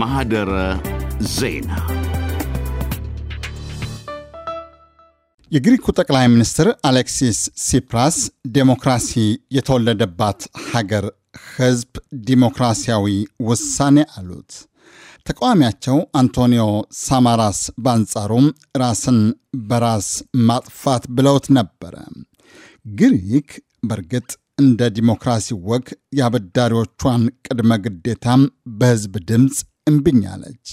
ማህደረ ዜና የግሪኩ ጠቅላይ ሚኒስትር አሌክሲስ ሲፕራስ ዴሞክራሲ የተወለደባት ሀገር ህዝብ ዲሞክራሲያዊ ውሳኔ አሉት። ተቃዋሚያቸው አንቶኒዮ ሳማራስ በአንጻሩም ራስን በራስ ማጥፋት ብለውት ነበረ። ግሪክ በእርግጥ እንደ ዲሞክራሲ ወግ የአበዳሪዎቿን ቅድመ ግዴታም በህዝብ ድምፅ እምቢኝ አለች።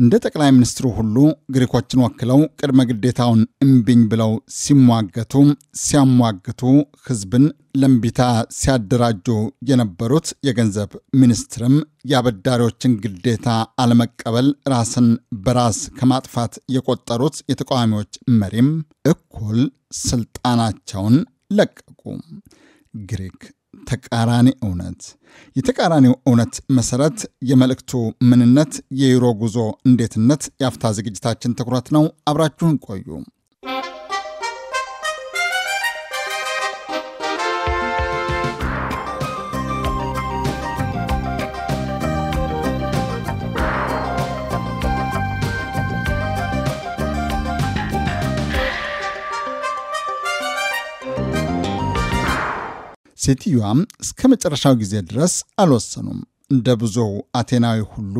እንደ ጠቅላይ ሚኒስትሩ ሁሉ ግሪኮችን ወክለው ቅድመ ግዴታውን እምቢኝ ብለው ሲሟገቱ ሲያሟግቱ ህዝብን ለእምቢታ ሲያደራጁ የነበሩት የገንዘብ ሚኒስትርም የአበዳሪዎችን ግዴታ አለመቀበል ራስን በራስ ከማጥፋት የቆጠሩት የተቃዋሚዎች መሪም እኩል ስልጣናቸውን ለቀቁ። ግሪክ ተቃራኒ እውነት። የተቃራኒው እውነት መሰረት የመልእክቱ ምንነት፣ የዩሮ ጉዞ እንዴትነት የአፍታ ዝግጅታችን ትኩረት ነው። አብራችሁን ቆዩ። ሴትዮዋም እስከ መጨረሻው ጊዜ ድረስ አልወሰኑም። እንደ ብዙው አቴናዊ ሁሉ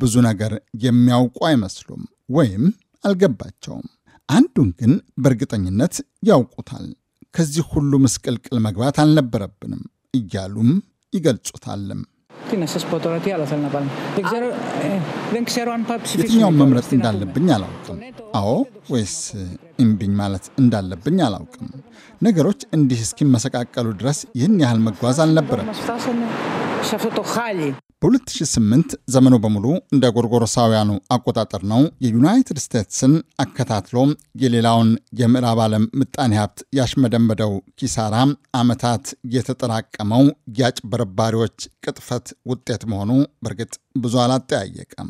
ብዙ ነገር የሚያውቁ አይመስሉም ወይም አልገባቸውም። አንዱን ግን በእርግጠኝነት ያውቁታል። ከዚህ ሁሉ ምስቅልቅል መግባት አልነበረብንም እያሉም ይገልጹታልም። τι να σα πω τώρα, τι άλλο θέλω να πάμε. Δεν ξέρω, ε, δεν ξέρω αν πάω ψηφίσω. የትኛውን መምረጥ እንዳለብኝ አላውቅም። አዎ ወይስ እምቢኝ ማለት እንዳለብኝ አላውቅም። ነገሮች እንዲህ እስኪመሰቃቀሉ ድረስ ይህን ያህል መጓዝ አልነበረም። በ2008 ዘመኑ በሙሉ እንደ ጎርጎሮሳውያኑ አቆጣጠር ነው። የዩናይትድ ስቴትስን አከታትሎ የሌላውን የምዕራብ ዓለም ምጣኔ ሀብት ያሽመደመደው ኪሳራ ዓመታት የተጠራቀመው የአጭበረባሪዎች ቅጥፈት ውጤት መሆኑ በእርግጥ ብዙ አላጠያየቀም።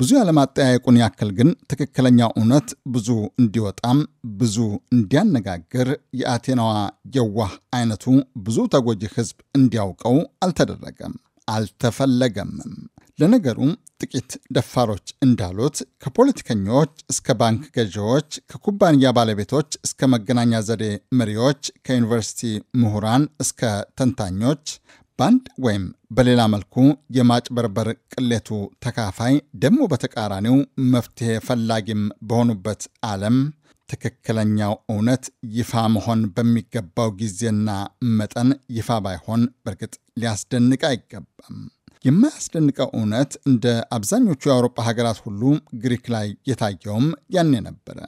ብዙ ያለማጠያየቁን ያክል ግን ትክክለኛው እውነት ብዙ እንዲወጣም ብዙ እንዲያነጋግር የአቴናዋ የዋህ አይነቱ ብዙ ተጎጂ ሕዝብ እንዲያውቀው አልተደረገም። አልተፈለገምም። ለነገሩ ጥቂት ደፋሮች እንዳሉት ከፖለቲከኞች እስከ ባንክ ገዢዎች፣ ከኩባንያ ባለቤቶች እስከ መገናኛ ዘዴ መሪዎች፣ ከዩኒቨርሲቲ ምሁራን እስከ ተንታኞች በአንድ ወይም በሌላ መልኩ የማጭበርበር ቅሌቱ ተካፋይ ደግሞ በተቃራኒው መፍትሄ ፈላጊም በሆኑበት ዓለም ትክክለኛው እውነት ይፋ መሆን በሚገባው ጊዜና መጠን ይፋ ባይሆን በእርግጥ ሊያስደንቅ አይገባም። የማያስደንቀው እውነት እንደ አብዛኞቹ የአውሮፓ ሀገራት ሁሉ ግሪክ ላይ የታየውም ያኔ ነበረ።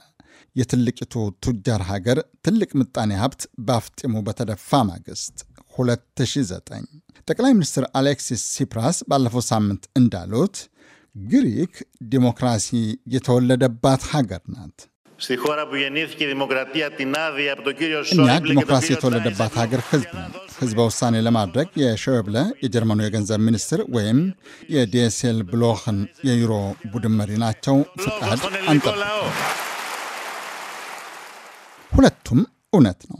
የትልቂቱ ቱጃር ሀገር ትልቅ ምጣኔ ሀብት በአፍጢሙ በተደፋ ማግስት 2009 ጠቅላይ ሚኒስትር አሌክሲስ ሲፕራስ ባለፈው ሳምንት እንዳሉት ግሪክ ዲሞክራሲ የተወለደባት ሀገር ናት። Στη χώρα που γεννήθηκε η δημοκρατία την άδεια από τον κύριο Σόιμπλε. እኛ ዲሞክራሲ የተወለደባት ሀገር ህዝብ ነው። ህዝበ ውሳኔ ለማድረግ የሾብለ የጀርመኑ የገንዘብ ሚኒስትር ወይም የዲኤስኤል ብሎኽን የዩሮ ቡድን መሪ ናቸው ፍቃድ አንጠ ሁለቱም እውነት ነው።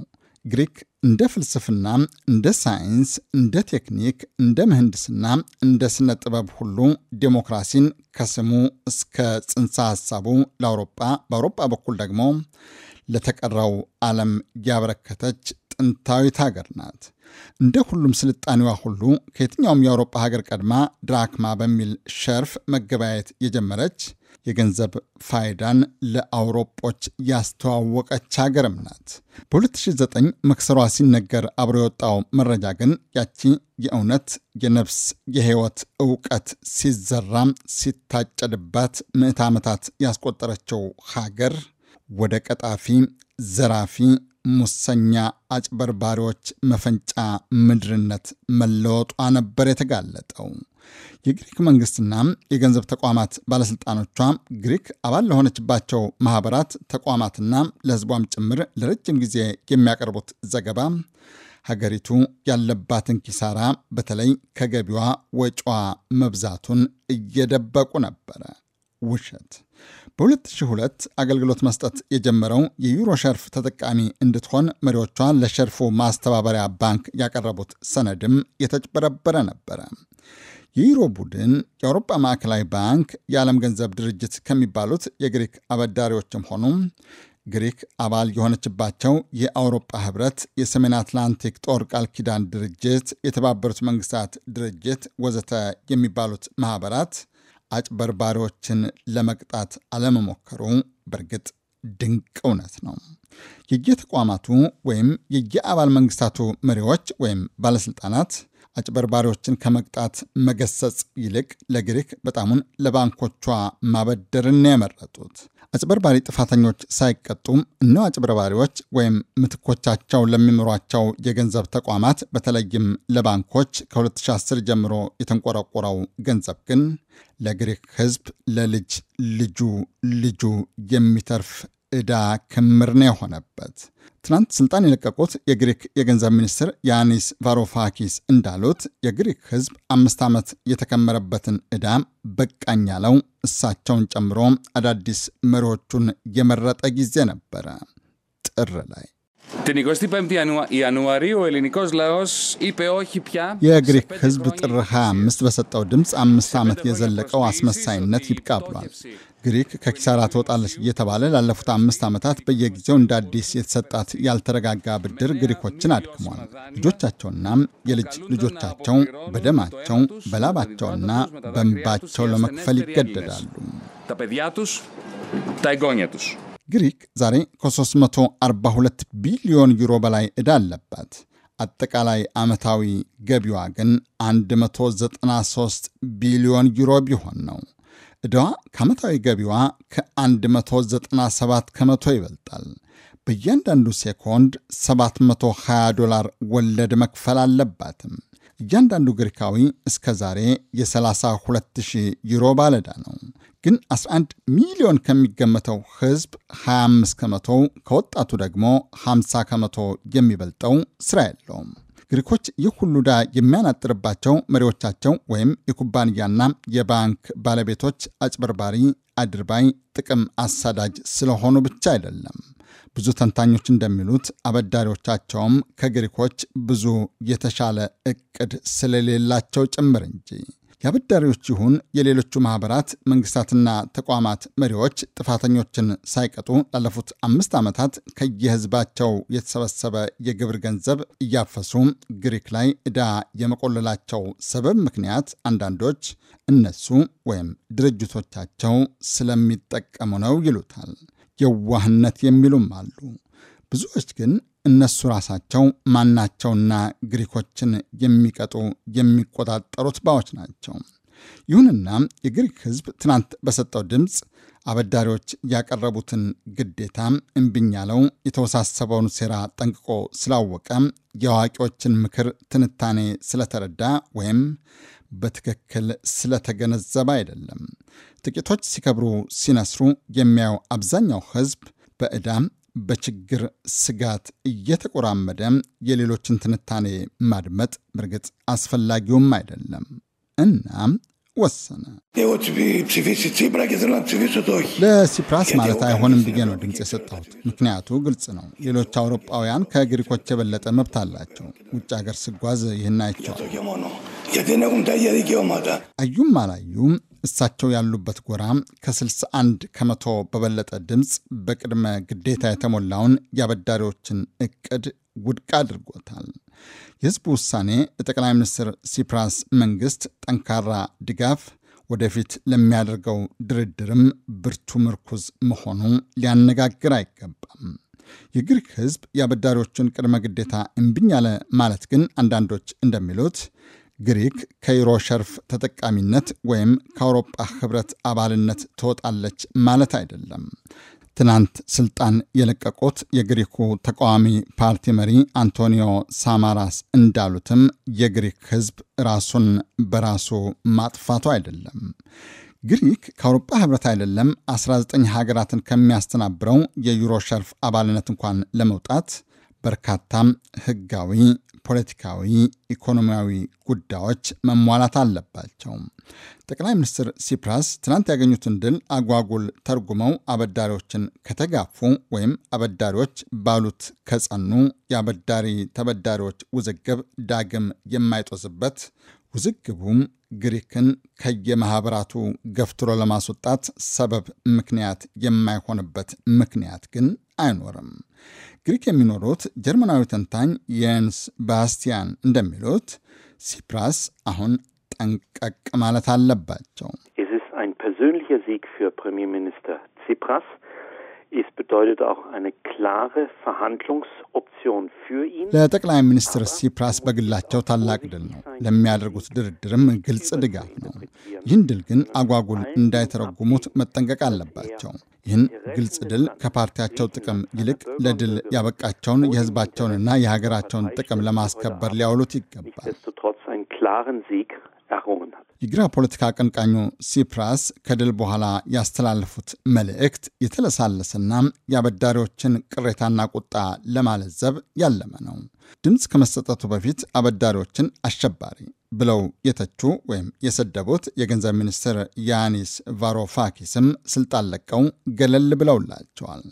ግሪክ እንደ ፍልስፍና፣ እንደ ሳይንስ፣ እንደ ቴክኒክ፣ እንደ ምህንድስና፣ እንደ ስነ ጥበብ ሁሉ ዴሞክራሲን ከስሙ እስከ ጽንሰ ሐሳቡ ለአውሮጳ በአውሮጳ በኩል ደግሞ ለተቀረው ዓለም ያበረከተች ጥንታዊት ሀገር ናት። እንደ ሁሉም ስልጣኔዋ ሁሉ ከየትኛውም የአውሮጳ ሀገር ቀድማ ድራክማ በሚል ሸርፍ መገበያየት የጀመረች የገንዘብ ፋይዳን ለአውሮጶች ያስተዋወቀች ሀገርም ናት። በ2009 መክሰሯ ሲነገር አብሮ የወጣው መረጃ ግን ያቺ የእውነት የነፍስ የሕይወት እውቀት ሲዘራም ሲታጨድባት ምዕት ዓመታት ያስቆጠረችው ሀገር ወደ ቀጣፊ፣ ዘራፊ፣ ሙሰኛ አጭበርባሪዎች መፈንጫ ምድርነት መለወጧ ነበር የተጋለጠው። የግሪክ መንግስትና የገንዘብ ተቋማት ባለስልጣኖቿ ግሪክ አባል ለሆነችባቸው ማህበራት ተቋማትና ለህዝቧም ጭምር ለረጅም ጊዜ የሚያቀርቡት ዘገባ ሀገሪቱ ያለባትን ኪሳራ በተለይ ከገቢዋ ወጪዋ መብዛቱን እየደበቁ ነበረ። ውሸት። በ2002 አገልግሎት መስጠት የጀመረው የዩሮ ሸርፍ ተጠቃሚ እንድትሆን መሪዎቿ ለሸርፉ ማስተባበሪያ ባንክ ያቀረቡት ሰነድም የተጭበረበረ ነበረ። የዩሮ ቡድን የአውሮፓ ማዕከላዊ ባንክ የዓለም ገንዘብ ድርጅት ከሚባሉት የግሪክ አበዳሪዎችም ሆኑ ግሪክ አባል የሆነችባቸው የአውሮፓ ህብረት፣ የሰሜን አትላንቲክ ጦር ቃል ኪዳን ድርጅት፣ የተባበሩት መንግስታት ድርጅት ወዘተ የሚባሉት ማኅበራት አጭበርባሪዎችን ለመቅጣት አለመሞከሩ በእርግጥ ድንቅ እውነት ነው። የየተቋማቱ ወይም የየአባል መንግስታቱ መሪዎች ወይም ባለሥልጣናት አጭበርባሪዎችን ከመቅጣት መገሰጽ ይልቅ ለግሪክ በጣሙን ለባንኮቿ ማበደርን ያመረጡት አጭበርባሪ ጥፋተኞች ሳይቀጡም እነው አጭበርባሪዎች ወይም ምትኮቻቸው ለሚምሯቸው የገንዘብ ተቋማት በተለይም ለባንኮች ከ2010 ጀምሮ የተንቆረቆረው ገንዘብ ግን ለግሪክ ሕዝብ ለልጅ ልጁ ልጁ የሚተርፍ ዕዳ ክምር ነው የሆነበት። ትናንት ስልጣን የለቀቁት የግሪክ የገንዘብ ሚኒስትር ያኒስ ቫሮፋኪስ እንዳሉት የግሪክ ሕዝብ አምስት ዓመት የተከመረበትን ዕዳ በቃኝ ያለው እሳቸውን ጨምሮ አዳዲስ መሪዎቹን የመረጠ ጊዜ ነበረ። ጥር ላይ የግሪክ ህዝብ ጥር 25 በሰጠው ድምፅ አምስት ዓመት የዘለቀው አስመሳይነት ይብቃ ብሏል። ግሪክ ከኪሳራ ትወጣለች እየተባለ ላለፉት አምስት ዓመታት በየጊዜው እንደ አዲስ የተሰጣት ያልተረጋጋ ብድር ግሪኮችን አድክሟል። ልጆቻቸውና የልጅ ልጆቻቸው በደማቸው በላባቸውና በንባቸው ለመክፈል ይገደዳሉ። ግሪክ ዛሬ ከ342 ቢሊዮን ዩሮ በላይ ዕዳ አለባት። አጠቃላይ ዓመታዊ ገቢዋ ግን 193 ቢሊዮን ዩሮ ቢሆን ነው። ዕዳዋ ከዓመታዊ ገቢዋ ከ197 ከመቶ ይበልጣል። በእያንዳንዱ ሴኮንድ 720 ዶላር ወለድ መክፈል አለባትም። እያንዳንዱ ግሪካዊ እስከ ዛሬ የ32000 ዩሮ ባለዳ ነው። ግን 11 ሚሊዮን ከሚገመተው ሕዝብ 25 ከመቶ ከወጣቱ ደግሞ 50 ከመቶ የሚበልጠው ሥራ የለውም። ግሪኮች ይህ ሁሉ ዳ የሚያናጥርባቸው መሪዎቻቸው ወይም የኩባንያና የባንክ ባለቤቶች አጭበርባሪ፣ አድርባይ፣ ጥቅም አሳዳጅ ስለሆኑ ብቻ አይደለም። ብዙ ተንታኞች እንደሚሉት አበዳሪዎቻቸውም ከግሪኮች ብዙ የተሻለ እቅድ ስለሌላቸው ጭምር እንጂ። የአበዳሪዎች ይሁን የሌሎቹ ማኅበራት፣ መንግሥታትና ተቋማት መሪዎች ጥፋተኞችን ሳይቀጡ ላለፉት አምስት ዓመታት ከየህዝባቸው የተሰበሰበ የግብር ገንዘብ እያፈሱ ግሪክ ላይ ዕዳ የመቆለላቸው ሰበብ ምክንያት አንዳንዶች እነሱ ወይም ድርጅቶቻቸው ስለሚጠቀሙ ነው ይሉታል። የዋህነት የሚሉም አሉ። ብዙዎች ግን እነሱ ራሳቸው ማናቸውና ግሪኮችን የሚቀጡ የሚቆጣጠሩት ባዎች ናቸው። ይሁንና የግሪክ ሕዝብ ትናንት በሰጠው ድምፅ አበዳሪዎች ያቀረቡትን ግዴታ እምቢኝ ያለው የተወሳሰበውን ሴራ ጠንቅቆ ስላወቀ፣ የአዋቂዎችን ምክር ትንታኔ ስለተረዳ ወይም በትክክል ስለተገነዘበ አይደለም። ጥቂቶች ሲከብሩ ሲነስሩ የሚያየው አብዛኛው ሕዝብ በዕዳም በችግር ስጋት እየተቆራመደ የሌሎችን ትንታኔ ማድመጥ በእርግጥ አስፈላጊውም አይደለም። እናም ወሰነ። ለሲፕራስ ማለት አይሆንም ብዬ ነው ድምፅ የሰጠሁት። ምክንያቱ ግልጽ ነው። ሌሎች አውሮጳውያን ከግሪኮች የበለጠ መብት አላቸው። ውጭ ሀገር ስጓዝ ይህን አይቸዋል። አዩም አላዩም እሳቸው ያሉበት ጎራ ከ61 ከመቶ በበለጠ ድምፅ በቅድመ ግዴታ የተሞላውን የአበዳሪዎችን እቅድ ውድቅ አድርጎታል። የህዝቡ ውሳኔ ለጠቅላይ ሚኒስትር ሲፕራስ መንግስት ጠንካራ ድጋፍ ወደፊት ለሚያደርገው ድርድርም ብርቱ ምርኩዝ መሆኑ ሊያነጋግር አይገባም። የግሪክ ህዝብ የአበዳሪዎቹን ቅድመ ግዴታ እምቢኝ አለ ማለት ግን አንዳንዶች እንደሚሉት ግሪክ ከዩሮ ሸርፍ ተጠቃሚነት ወይም ከአውሮጳ ህብረት አባልነት ትወጣለች ማለት አይደለም። ትናንት ስልጣን የለቀቁት የግሪኩ ተቃዋሚ ፓርቲ መሪ አንቶኒዮ ሳማራስ እንዳሉትም የግሪክ ህዝብ ራሱን በራሱ ማጥፋቱ አይደለም። ግሪክ ከአውሮፓ ህብረት አይደለም 19 ሀገራትን ከሚያስተናብረው የዩሮ ሸርፍ አባልነት እንኳን ለመውጣት በርካታም ህጋዊ፣ ፖለቲካዊ፣ ኢኮኖሚያዊ ጉዳዮች መሟላት አለባቸው። ጠቅላይ ሚኒስትር ሲፕራስ ትናንት ያገኙትን ድል አጓጉል ተርጉመው አበዳሪዎችን ከተጋፉ ወይም አበዳሪዎች ባሉት ከጸኑ የአበዳሪ ተበዳሪዎች ውዝግብ ዳግም የማይጦዝበት ውዝግቡም ግሪክን ከየማኅበራቱ ገፍትሮ ለማስወጣት ሰበብ ምክንያት የማይሆንበት ምክንያት ግን አይኖርም። ግሪክ የሚኖሩት ጀርመናዊ ተንታኝ የንስ ባስቲያን እንደሚሉት ሲፕራስ አሁን ጠንቀቅ ማለት አለባቸው። ለጠቅላይ ሚኒስትር ሲፕራስ በግላቸው ታላቅ ድል ነው። ለሚያደርጉት ድርድርም ግልጽ ድጋፍ ነው። ይህን ድል ግን አጓጉል እንዳይተረጉሙት መጠንቀቅ አለባቸው። ይህን ግልጽ ድል ከፓርቲያቸው ጥቅም ይልቅ ለድል ያበቃቸውን የህዝባቸውንና የሀገራቸውን ጥቅም ለማስከበር ሊያውሉት ይገባል። የግራ ፖለቲካ አቀንቃኙ ሲፕራስ ከድል በኋላ ያስተላለፉት መልእክት የተለሳለሰና የአበዳሪዎችን ቅሬታና ቁጣ ለማለዘብ ያለመ ነው። ድምፅ ከመሰጠቱ በፊት አበዳሪዎችን አሸባሪ ብለው የተቹ ወይም የሰደቡት የገንዘብ ሚኒስትር ያኒስ ቫሮፋኪስም ስልጣን ለቀው ገለል ብለውላቸዋል።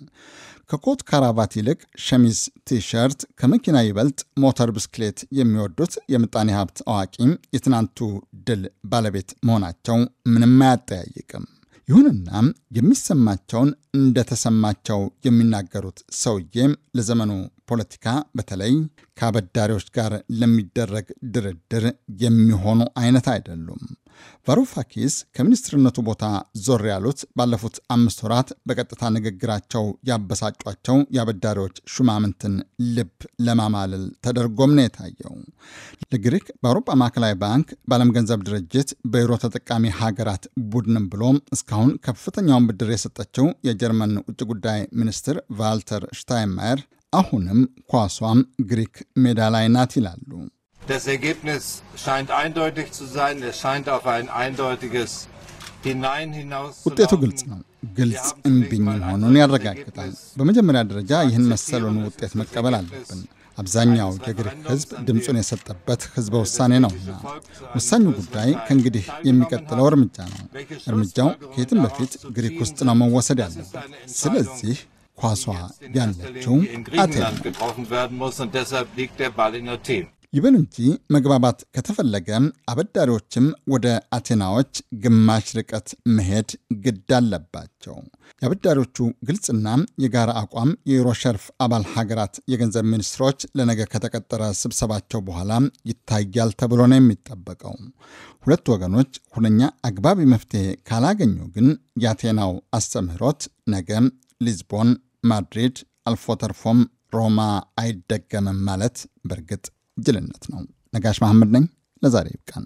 ከኮት ከራባት ይልቅ ሸሚዝ፣ ቲሸርት ከመኪና ይበልጥ ሞተር ብስክሌት የሚወዱት የምጣኔ ሀብት አዋቂም የትናንቱ ድል ባለቤት መሆናቸው ምንም አያጠያይቅም። ይሁንና የሚሰማቸውን እንደተሰማቸው የሚናገሩት ሰውዬም ለዘመኑ ፖለቲካ በተለይ ከአበዳሪዎች ጋር ለሚደረግ ድርድር የሚሆኑ አይነት አይደሉም። ቫሮፋኪስ ከሚኒስትርነቱ ቦታ ዞር ያሉት ባለፉት አምስት ወራት በቀጥታ ንግግራቸው ያበሳጯቸው የአበዳሪዎች ሹማምንትን ልብ ለማማለል ተደርጎም ነው የታየው። ለግሪክ በአውሮፓ ማዕከላዊ ባንክ፣ በዓለም ገንዘብ ድርጅት፣ በዩሮ ተጠቃሚ ሀገራት ቡድንም ብሎም እስካሁን ከፍተኛውን ብድር የሰጠችው የጀርመን ውጭ ጉዳይ ሚኒስትር ቫልተር ሽታይንማየር አሁንም ኳሷም ግሪክ ሜዳ ላይ ናት ይላሉ። Das Ergebnis scheint eindeutig zu sein. Es scheint auf ein eindeutiges Hinein hinaus zu laufen. ግልጽ ነው። ግልጽ እንዲህ መሆኑን ያረጋግጣል። በመጀመሪያ ደረጃ ይህን መሰሉን ውጤት መቀበል አለብን። አብዛኛው የግሪክ ሕዝብ ድምፁን የሰጠበት ሕዝበ ውሳኔ ነውና ወሳኙ ጉዳይ ከእንግዲህ የሚቀጥለው እርምጃ ነው። እርምጃው ከየትም በፊት ግሪክ ውስጥ ነው መወሰድ ያለበት። ስለዚህ ኳሷ ያለችው አቴን ይበል እንጂ መግባባት ከተፈለገ አበዳሪዎችም ወደ አቴናዎች ግማሽ ርቀት መሄድ ግድ አለባቸው። የአበዳሪዎቹ ግልጽና የጋራ አቋም የዩሮ ሸርፍ አባል ሀገራት የገንዘብ ሚኒስትሮች ለነገ ከተቀጠረ ስብሰባቸው በኋላ ይታያል ተብሎ ነው የሚጠበቀው። ሁለት ወገኖች ሁነኛ አግባቢ መፍትሄ ካላገኙ ግን የአቴናው አስተምህሮት ነገ ሊዝቦን፣ ማድሪድ አልፎ ተርፎም ሮማ አይደገምም ማለት በእርግጥ ጅልነት ነው። ነጋሽ መሐመድ ነኝ። ለዛሬ ይብቃን።